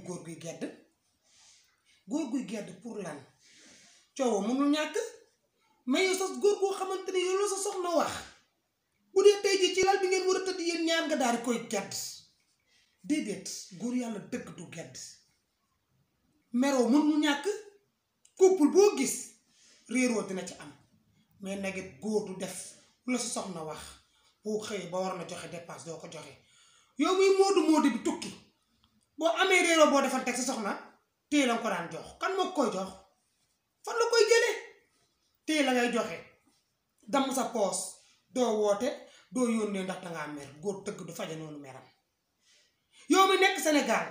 góor guy gedd góor guy gedd pour lan coowoo mënul ñàkk mais yow góor goo xamante ni yow la sa soxna wax bu dee tey ci lal bi ngeen war a tëdd yéen ñaar nga daal di koy gedd déedéet góor yàlla dëgg du gedd meroo mënul ñàkk couple boo gis réeroo dina ci am mais nagit góor du def lu la sa soxna wax boo xëyee ba war a joxe dépense doo ko joxe yow muy moodu moodu bi tukki boo amee réeroo boo defal teg sa soxna téye la nga ko daan jox kan moo koy jox fan la koy jëlee téye la ngay joxe damm sa poos doo woote doo yónnee ndax dangaa mer góor tëgg du faje noonu meram yow mi nekk Sénégal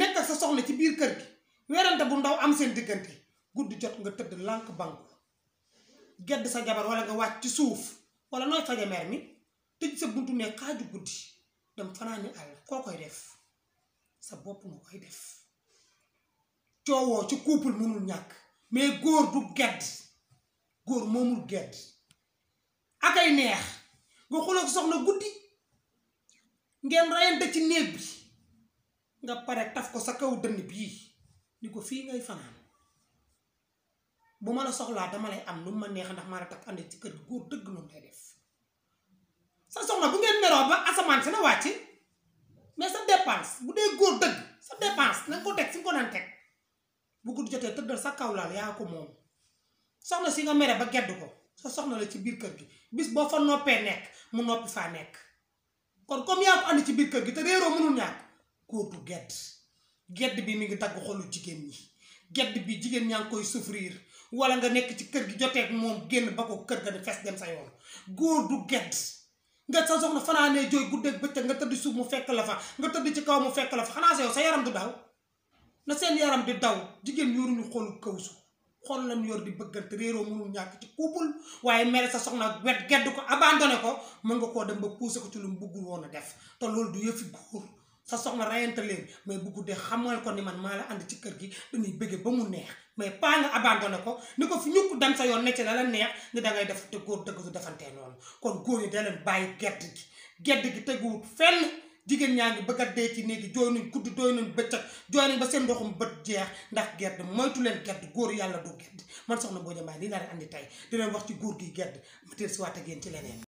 nekk sa soxna ci biir kër gi weerante bu ndaw am seen diggante guddi jot nga tëdd lànk banku gedd sa jabar wala nga wàcc ci suuf wala nooy faje mer mi tëj sa buntu ne xaaju guddi dem fanaani àll koo koy def sa bopp nga koy def coowoo ci couple mënul ñàkk mais góor du gedd góor moomul gedd ak ay neex nga xuloog soxna guddi ngeen reyante ci néeg bi nga pare taf ko sa kaw dënn bii ni ko fii ngay fanaan bu man la soxlaa dama lay am lu ma neex ndax maa la takk ànd ci kër gi góor dëgg noonu lay def sa soxna bu ngeen meroo ba asamaan si na wàcc dépense bu dee góor dëgg sa dépense na ko teg si nga ko naan teg jotee tëddal sa kaw ko moom soxna si nga mere ba gedd ko sa soxna la ci biir kër gi bis boo fa noppee nekk mu noppi saa nekk kon comme yaa ko andi ci biir kër gi te réeroo mënul ñàkk góor du gedd gedd bi mi ngi dagg xolu jigéen ñi gedd bi jigéen ñaa ngi koy souffrir wala nga nekk ci kër gi joteeg moom génn ba ko kër ga di fes dem sa yoon góor du gedd nga sa soxna fanaanee jooy guddee bëccëg nga tëdd suuf mu fekk la fa nga tëdd ci kaw mu fekk la fa xanaa sa yow sa yaram du daw na seen yaram di daw jigéen yoruñu xoolu kawsu xool lañ yor di bëggante réeroo mënul ñàkk ci couple waaye mere sa soxna wet gedd ko abandonné ko mën nga koo dem ba poussé ko ci lu mu bëggul woon a def te loolu du yëfi góor sa soxna rayante leen mais bu guddee xamal ko ni man maa la ànd ci kër gi dañuy bëggee ba mu neex mais pas nga abandonné ko ni ko fi ñukk dem sa yoon ne ci la la neex ni da ngay def te góor dëgg defantee noonu kon góor yi da leen bàyyi gedd gi gedd fenn jigéen ñaa ngi bëgg a dee ci néegi jooy nañ guddi jooy nañ bëccëg jooy ba seen ndoxum bët jeex ndax gedd moytu leen gedd góor yàlla du gedd man soxna Mbodia Mbaye lii laa leen andi tey di leen wax ci góor gi gedd ma teel si waat ak ci leneen